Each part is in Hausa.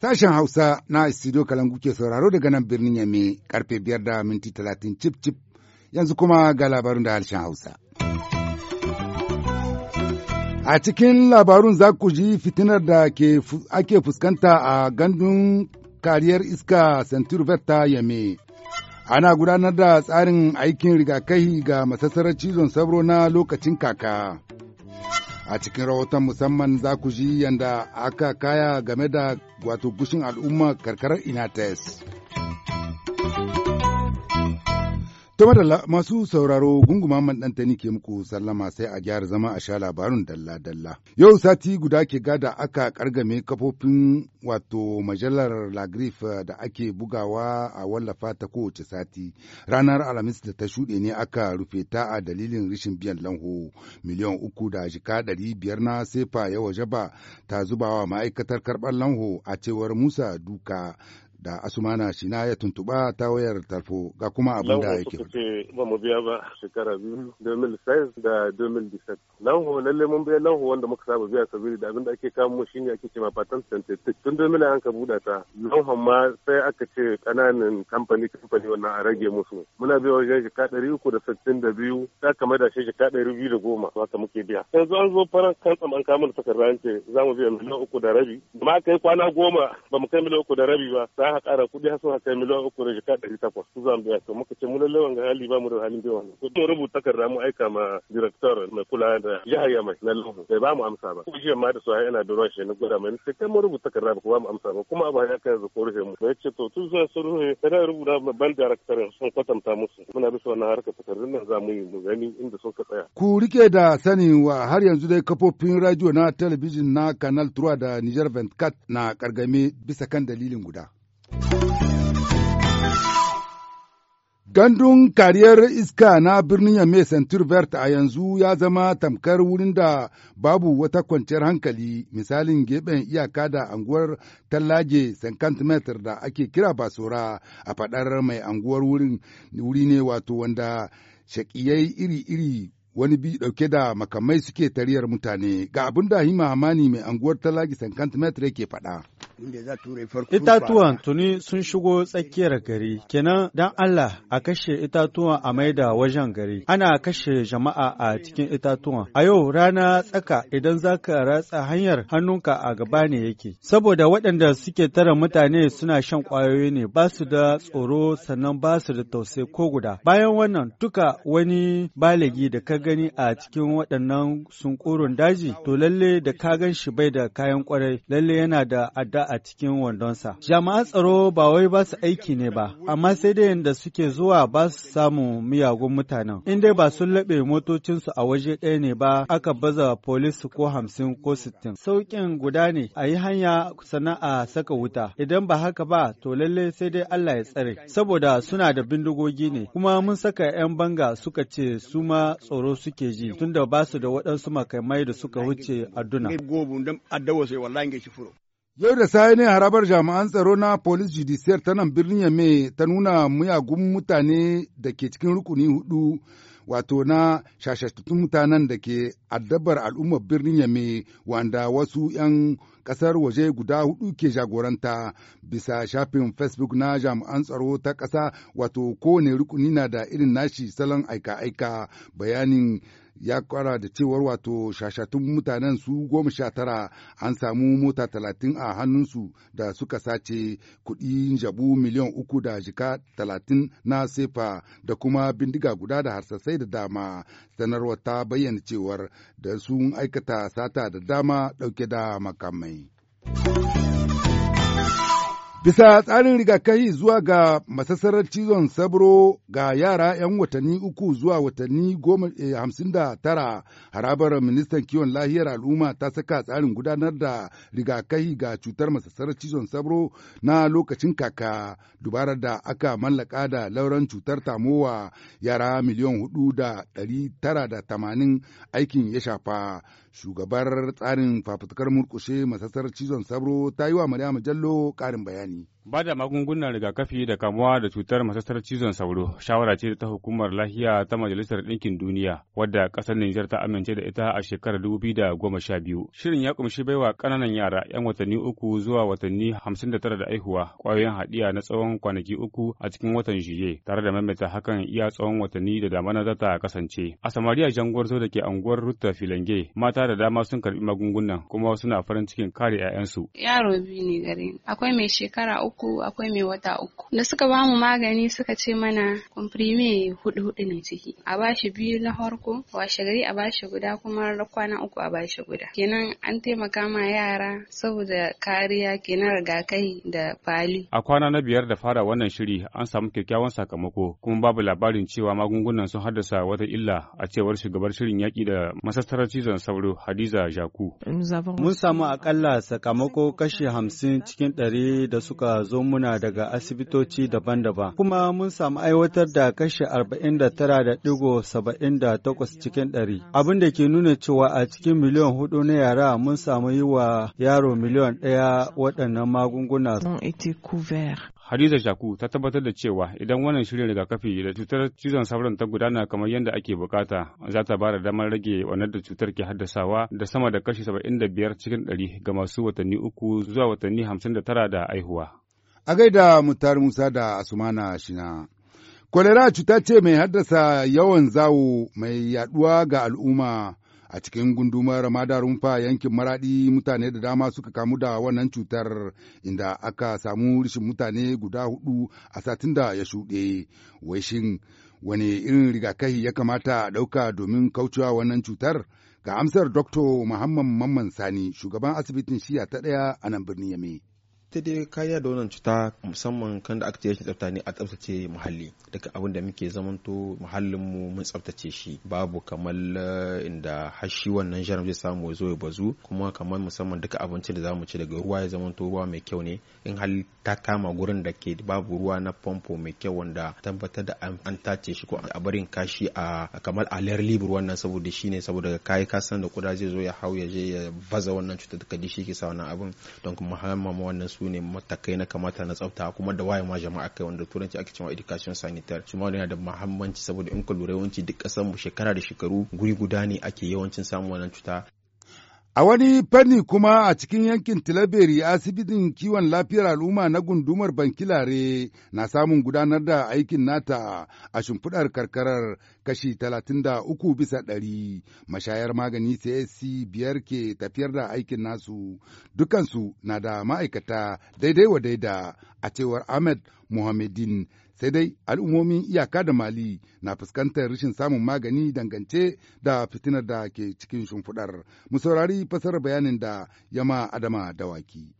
Sashen Hausa na studio Kalangu ke sauraro daga nan birnin Yame karfe biyar da minti talatin cip cip yanzu kuma ga labarin da harshen Hausa. A cikin labarun za ku ji fitinar da ake fuskanta a gandun kariyar iska Centurvet ta Yame. ana gudanar da tsarin aikin rigakahi ga masassarar cizon sauro na lokacin kaka. A cikin rahoton musamman za ku ji yadda aka kaya game da wato gushin al'umma karkarar Inates. da masu sauraro gunguma man ɗantani ke muku sallama sai a gyara zama a sha labarin dalla-dalla. Yau sati guda ke gada aka kargame kafofin wato majalar Lagrif da ake bugawa a wallafa ta kowace sati. Ranar Alhamis da ta shuɗe ne aka rufe ta a dalilin rashin biyan lanho miliyan uku da jika ɗari biyar na sefa ya yawa ba ta zubawa ma'aikatar karɓar lanho a cewar Musa Duka da Asumana shi na ya tuntuba ta wayar tarfo ga kuma abin da yake ba. ba mu biya ba shekara biyu 2006 da 2017. Lanho lalle mun biya lanho wanda muka saba biya sabili da abin da ake kamo shi ne ake cewa patent synthetic. Tun 2000 an ka buɗa ta lanhon ma sai aka ce kananan kamfani kamfani wannan a rage musu. Muna biya wajen shekara ɗari uku da sittin da biyu ta kamar da shi shekara ɗari biyu da goma haka muke biya. Yanzu an zo fara kan tsaman kamar takarda an ce za mu biya miliyan uku da rabi. Da ma kai kwana goma ba mu kai miliyan uku da rabi ba. aka kara kuɗi har suka kai miliyan uku da ka ɗari takwas su zan biya to muka ce mu lalle wanga hali ba mu da halin biyan wannan kuɗi mu rubuta takarda mu aika ma director mai kula da jihar Yamai na Lungu bai ba mu amsa ba kuma jiya ma da su yana da ruwan shi na gwada mai sai kai mu rubuta takarda ba ku ba mu amsa ba kuma abu ya kai zuwa rufe mu ya ce to tun zuwa sun rufe kada rubuta ma ban director sun kwatanta musu muna bisa wannan harkar takardun nan za mu yi mu gani inda sun ka tsaya ku rike da sani wa har yanzu dai kafofin radio na talabijin na Canal 3 da Niger 24 na kargame bisa kan dalilin guda Gandun kariyar iska na birnin Yame Centurbert a yanzu ya zama tamkar wurin da babu wata kwanciyar hankali misalin geben iyaka da anguwar tallaje Sankantmeter da ake kira basora a fadar mai anguwar wurin wuri ne wato wanda shakiyai iri-iri wani bi dauke da makamai suke tariyar mutane ga abin da Hima Hamani mai anguwar tallaje Sankantmeter yake faɗa. Itatuwan tuni sun shigo tsakiyar gari, kenan dan Allah a kashe itatuwan a maida wajen gari. Ana kashe jama'a a cikin itatuwan. A yau rana tsaka idan za ka ratsa hanyar hannunka a gaba ne yake. Saboda waɗanda suke tara mutane suna shan ƙwayoyi ne ba su da tsoro sannan ba su da tausai ko guda. Bayan wannan duka wani baligi da ka gani a cikin waɗannan sunkurun daji to lalle da ka gan shi bai da kayan ƙwarai lalle yana da adda a cikin wandonsa. Jama'a tsaro ba wai ba su aiki ne ba, amma sai dai yadda suke zuwa ba su samu miyagun mutanen. In dai ba sun laɓe motocinsu a waje ɗaya ne ba aka baza polis ko hamsin ko sittin. Sauƙin guda ne a yi hanya sannan a saka wuta. Idan ba haka ba to lalle sai dai Allah ya tsare. Saboda suna da bindigogi ne kuma mun saka 'yan banga suka ce su ma tsoro suke ji tunda ba su da waɗansu makamai da suka wuce a adduna. Yau da sai ne harabar jami'an tsaro na Police Judiciaire ta nan birnin Yame ta nuna muyagun mutane da ke cikin rukuni hudu wato na shashatattun mutanen da ke addabar al'ummar birnin Yame wanda wasu 'yan kasar waje guda hudu ke jagoranta bisa shafin Facebook na jami'an tsaro ta ƙasa wato kowane rukuni na da irin nashi salon aika-aika bayanin ya kwara da cewar wato shashatun mutanen su goma sha tara an samu mota talatin a hannunsu da suka sace kuɗi jabu miliyan uku da jika talatin na sefa da kuma bindiga guda da harsasai da dama sanarwar ta bayyana cewar da sun aikata sata da dama ɗauke da makamai. Bisa tsarin rigakafi zuwa ga masasarar cizon sabro ga yara 'yan watanni uku zuwa watanni eh, hamsin da tara harabar ministan kiwon lahiyar al'umma ta saka tsarin gudanar da rigakafi ga cutar masasarar cizon sabro na lokacin kaka dubarar da aka mallaka da lauran cutar tamowa yara miliyan hudu da tara da tamanin aikin ya shafa shugabar tsarin fafutukar murkushe masasar cizon sabro ta yi wa Maryam Jallo ƙarin bayani. Ba da magungunan rigakafi da kamuwa da cutar masastar cizon sauro shawara ce ta hukumar lahiya ta Majalisar Ɗinkin Duniya wadda ƙasar Nijar ta amince da ita a shekarar biyu. Shirin ya kumshi baiwa ƙananan yara 'yan watanni uku zuwa watanni hamsin da tara da aihuwa ƙwayoyin haɗiya na tsawon kwanaki uku a cikin watan Juye tare da maimaita hakan iya tsawon watanni da damana za ta kasance. A Samariya Jangwarzo da ke anguwar Rutta Filange mata da dama sun karbi magungunan kuma suna farin cikin kare 'ya'yansu. Yaro biyu ne gare akwai mai shekara uku uku akwai mai wata uku da suka bamu magani suka ce mana komprime hudu hudu ne ciki a bashi biyu na farko washe gari a bashi guda kuma kwana uku a bashi guda kenan an taimaka ma yara saboda kariya kenan rigakai da fali a kwana na biyar da fara wannan shiri an samu kyakkyawan sakamako kuma babu labarin cewa magungunan sun haddasa wata illa a cewar shugabar shirin yaki da masastarar cizon sauro hadiza jaku mun samu akalla sakamako kashi hamsin cikin ɗari da suka zo muna daga asibitoci daban-daban. Kuma mun samu aiwatar da kashi 49.78 cikin ɗari. Abin da ke nuna cewa a cikin miliyan hudu na yara mun samu yi wa yaro miliyan ɗaya waɗannan magunguna. Hadiza Shaku ta tabbatar da cewa idan wannan shirin rigakafi da cutar cizon sauran ta gudana kamar yadda ake bukata za ta ba da damar rage wannan da cutar ke haddasawa da sama da kashi 75 cikin 100 ga masu watanni uku zuwa watanni 59 da aihuwa. A gaida Mutar Musa da Asumana Shina. Kwalera cuta ce mai haddasa yawan zawo mai yaduwa ga al'umma a cikin gundumar rumfa yankin maradi mutane da dama suka kamu da wannan cutar inda aka samu rishin mutane guda hudu a satin da ya shuɗe. Wai shin wane irin rigakafi ya kamata a ɗauka domin kaucewa wannan cutar? Ga amsar Dr. Muhammad Mamman Sani, shugaban asibitin shiya ta ɗaya a nan birnin Yame. ita dai kariya da wannan cuta musamman kan da aka ce tsafta ne a tsaftace muhalli daga abin da muke zamanto muhallin mu mun tsaftace shi babu kamar eh, inda hashi wannan jarum zai samu zo ya bazu kuma kamar musamman duka abincin da zamu ci daga ruwa ya zamanto ruwa mai kyau ne in hal ta kama gurin da ke babu ruwa na famfo mai kyau wanda tabbatar da an tace shi ko a barin kashi a kamar a libur wannan saboda shi ne saboda ka kayi ka san da kuda zai zo ya hau ya je ya baza wannan cutar da kadi shi ke sa wannan abin don kuma ma wannan su ne matakai na kamata na tsafta kuma da waye ma jama'a kai wanda turanci ake cewa education sanitar su ma yana da muhammanci saboda in ka lura yawanci duk kasar mu shekara da shekaru guri guda ne ake yawancin samun wannan cuta A wani fanni kuma a cikin yankin Tilaberi asibitin kiwon lafiyar al'umma na gundumar Bankilare na samun gudanar da aikin nata a shimfiɗar karkarar kashi 33 bisa ɗari mashayar magani CSC biyar ke tafiyar da aikin nasu dukansu na da ma'aikata daidai wa daida a cewar Ahmed Muhammadin sai dai al'ummomin iyaka da mali na fuskantar rashin samun magani dangance da fitinar da ke cikin shimfiɗar mu saurari fasarar bayanin da yama adama dawaki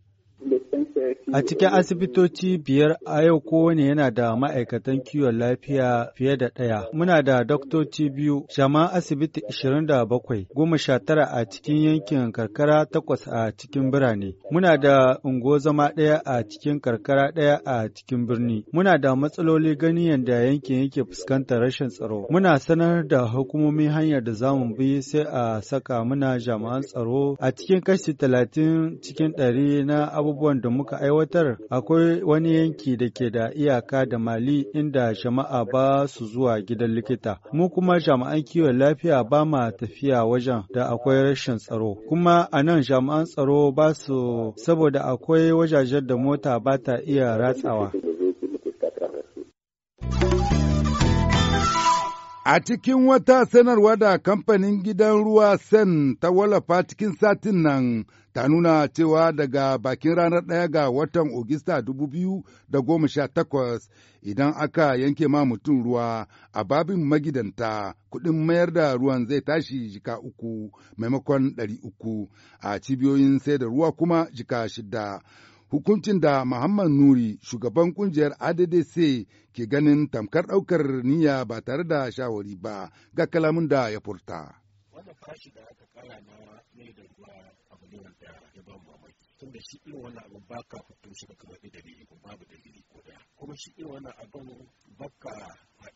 A cikin asibitoci biyar a yau kowane yana da ma'aikatan kiwon lafiya fiye da ɗaya. Muna da doktoci biyu, shama asibiti 27, goma sha tara a cikin yankin karkara takwas a cikin birane. Muna da ungo zama ɗaya a cikin karkara ɗaya a cikin birni. Muna da matsaloli gani yadda yankin yake fuskantar rashin tsaro. Muna sanar da hukumomi hanyar da za mu bi sai a saka muna jami'an tsaro a cikin kashi talatin cikin ɗari na abubuwan da muka aka aiwatar akwai wani yanki da ke da iyaka da Mali inda jama'a ba su zuwa gidan likita. Mu kuma jami'an kiwon lafiya ba ma tafiya wajen da akwai rashin tsaro. Kuma a nan jami'an tsaro ba su saboda akwai wajajen da mota ba ta iya ratsawa. A cikin wata sanarwa da kamfanin gidan ruwa Sen ta wallafa cikin satin nan ta nuna cewa daga bakin ranar ɗaya ga watan Ogista 2018 idan aka yanke ma mutum ruwa a babin magidanta kuɗin mayar da ruwan zai tashi jika uku maimakon ɗari uku a cibiyoyin sai da ruwa kuma jika shida. hukuncin da Muhammad Nuri shugaban kungiyar ADDC ke ganin tamkar ɗaukar niyya ba tare da shawari ba ga kalamin da ya furta. wannan farashi da aka kara na mai da ruwa abu ne wanda ya ba mamaki tun da shi irin wannan abin baka fito shi ba kamar dalili ko babu dalili ko da kuma shi irin wannan abin baka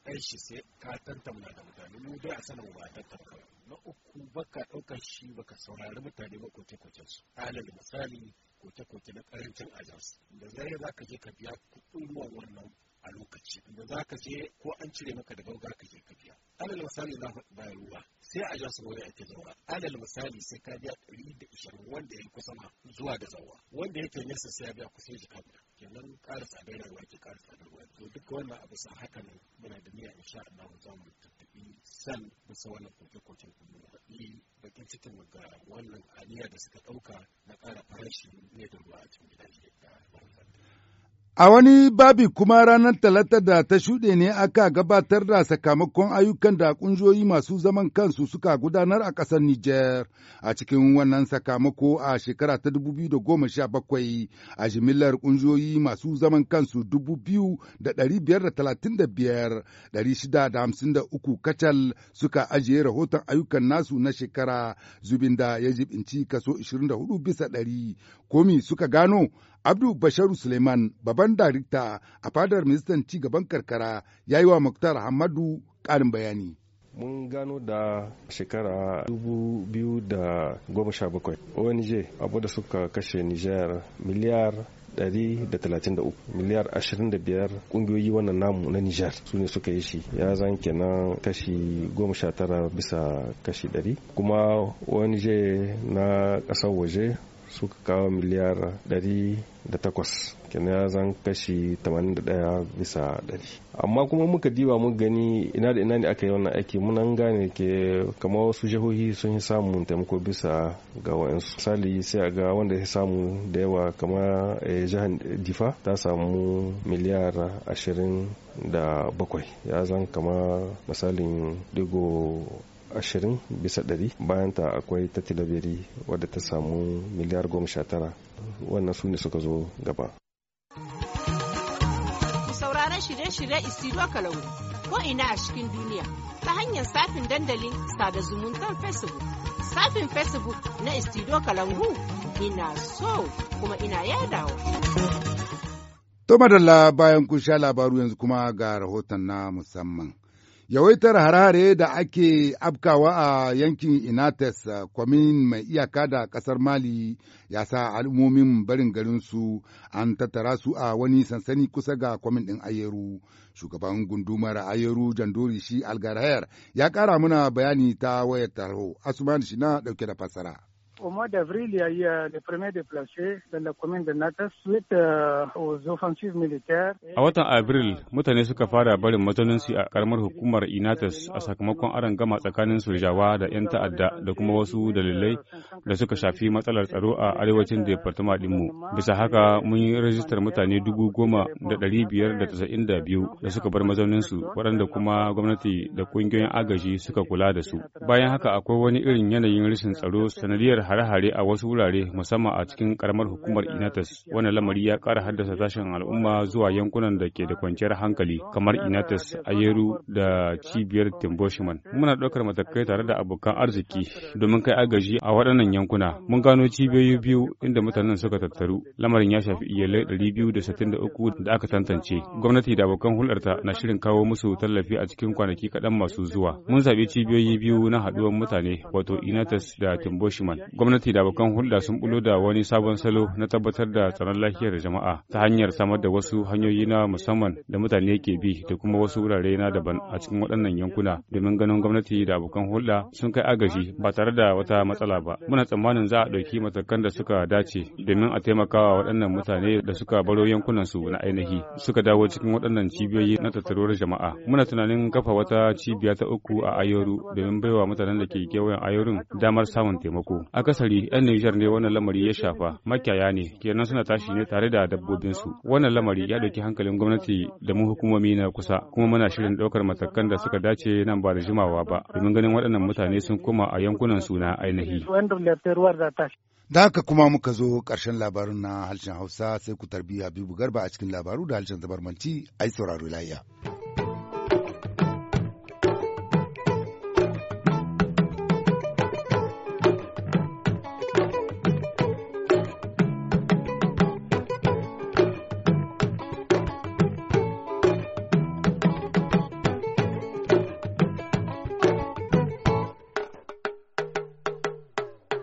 kai shi sai ka tantamna da mutane mu dai a sanin ba tantamna na uku baka ɗaukar shi baka saurari mutane ba koke su alal misali koke koke na karancin ajansu da zai za ka je ka biya kuɗin ruwan wannan a lokaci da za ka je ko an cire maka da gauga ka je ka biya alal misali na ka bayar ruwa sai a jan saboda ake zawa alal misali sai ka biya ɗari da ishirin wanda ya kusa ma zuwa da zawa wanda yake nesa sai ya biya kusa jika guda nan karasa da rayuwa ke karasa da rayuwa to duk wannan abu sa haka ne muna da niyya insha Allah za mu tattabi san bisa wannan koke-koken kuma faɗi bakin cikin ga wannan aniya da suka ɗauka na ƙara farashi ne da ruwa a cikin gidaje da A wani babi kuma ranar talata da ta shuɗe ne aka gabatar da sakamakon ayyukan da ƙungiyoyi masu zaman kansu suka gudanar a ƙasar Nijar a cikin wannan sakamako a shekara ta 2017 a jimillar ƙungiyoyi masu zaman kansu 2,535,653 kacal suka ajiye rahoton ayyukan nasu na shekara zubin da ya jibinci kaso 24 bisa ɗari. Komi suka gano Abdul Basharu Suleiman, babban darikta a fadar ministan ci gaban karkara, ya yi wa Muktar Hamadu ƙarin bayani. mun gano da shekara 2017 ong abu da suka kashe niger miliyar 133 miliyar 25 kungiyoyi wannan namu na Nijar su ne suka yi shi ya zan kenan kashi tara bisa kashi 100 kuma ONG na kasar waje suka kawo miliyar 108 kenan ya zan kashi 81 bisa 100 amma kuma muka diba mu gani ina da ina ne aka yi wannan aiki munan gane ke kamar wasu jihohi sun yi samun taimako bisa ga wa'ansu misali sai ga wanda ya samu da yawa kama eh, jihar difa ta samu miliyar bakwai ya zan kama misalin digo ashirin bisa ɗari bayan ta akwai ta tilabiri wadda ta samu miliyar goma sha tara wannan su ne suka zo gaba sauraron shirye-shirye isiro kalangu ko ina a cikin duniya ta hanyar safin dandalin sada zumuntar facebook safin facebook na isiro kalangu ina so kuma ina yadawa to madalla bayan kun sha labaru yanzu kuma ga rahoton na musamman Yawaitar harare da ake afkawa a yankin Inates, uh, kwamin mai iyaka da kasar Mali ya sa al'ummomin barin garinsu an tattara su a wani sansani kusa ga kwamin ɗin Ayeru. Shugaban gundumar Ayeru Jandori shi Algarayar ya ƙara muna bayani ta wayar taro Asuman shi na ɗauke da fassara. Au mois d'avril, il y a eu euh, les premiers déplacés dans la commune de Natas suite euh, aux offensives militaires. A watan Abril, mutane suka fara barin mazauninsu a karamar hukumar Inatas a sakamakon aron gama tsakanin sojawa da 'yan ta'adda da kuma wasu dalilai da suka shafi matsalar tsaro a arewacin departama ɗinmu. Bisa haka mun yi rajistar mutane dubu goma da biyar da da suka bar mazauninsu waɗanda kuma gwamnati da ƙungiyoyin agaji suka kula da su. Bayan haka akwai wani irin yanayin rashin tsaro sanadiyar hare-hare a wasu wurare musamman a cikin karamar hukumar Inatas. Wannan lamari ya kara haddasa tashin al'umma zuwa yankunan da ke da kwanciyar hankali kamar Inatas, Ayeru da cibiyar Timboshiman. Muna ɗaukar matakai tare da abokan arziki domin kai agaji a waɗannan yankuna. Mun gano cibiyoyi biyu inda mutanen suka tattaru. Lamarin ya shafi iyalai ɗari biyu da sittin da uku da aka tantance. Gwamnati da abokan hulɗarta na shirin kawo musu tallafi a cikin kwanaki kaɗan masu zuwa. Mun zaɓi cibiyoyi biyu na haɗuwar mutane wato Inatas da Timboshiman gwamnati da abokan hulɗa sun bulo da wani sabon salo na tabbatar da tsaron lafiyar jama'a ta hanyar samar da wasu hanyoyi na musamman da mutane ke bi da kuma wasu wurare na daban a cikin waɗannan yankuna domin ganin gwamnati da abokan hulɗa sun kai agaji ba tare da wata matsala ba muna tsammanin za a ɗauki matakan da suka dace domin a taimakawa waɗannan mutane da suka baro yankunansu na ainihi suka dawo cikin waɗannan cibiyoyi na tattaruwar jama'a muna tunanin kafa wata cibiya ta uku a ayoru domin baiwa mutanen da ke kewayen ayorun damar samun taimako akasari 'yan Nijar ne wannan lamari ya shafa, makiyaya ne, kenan suna tashi ne tare da dabbobinsu. Wannan lamari ya ɗauki hankalin gwamnati da mu hukumomi na kusa, kuma muna shirin ɗaukar matakan da suka dace nan ba da jimawa ba, domin ganin waɗannan mutane sun koma a yankunan su na ainihi. Da haka kuma muka zo ƙarshen labarin na harshen Hausa sai ku tarbi Habibu Garba a cikin labaru da harshen zabarmanci ai sauraro layya.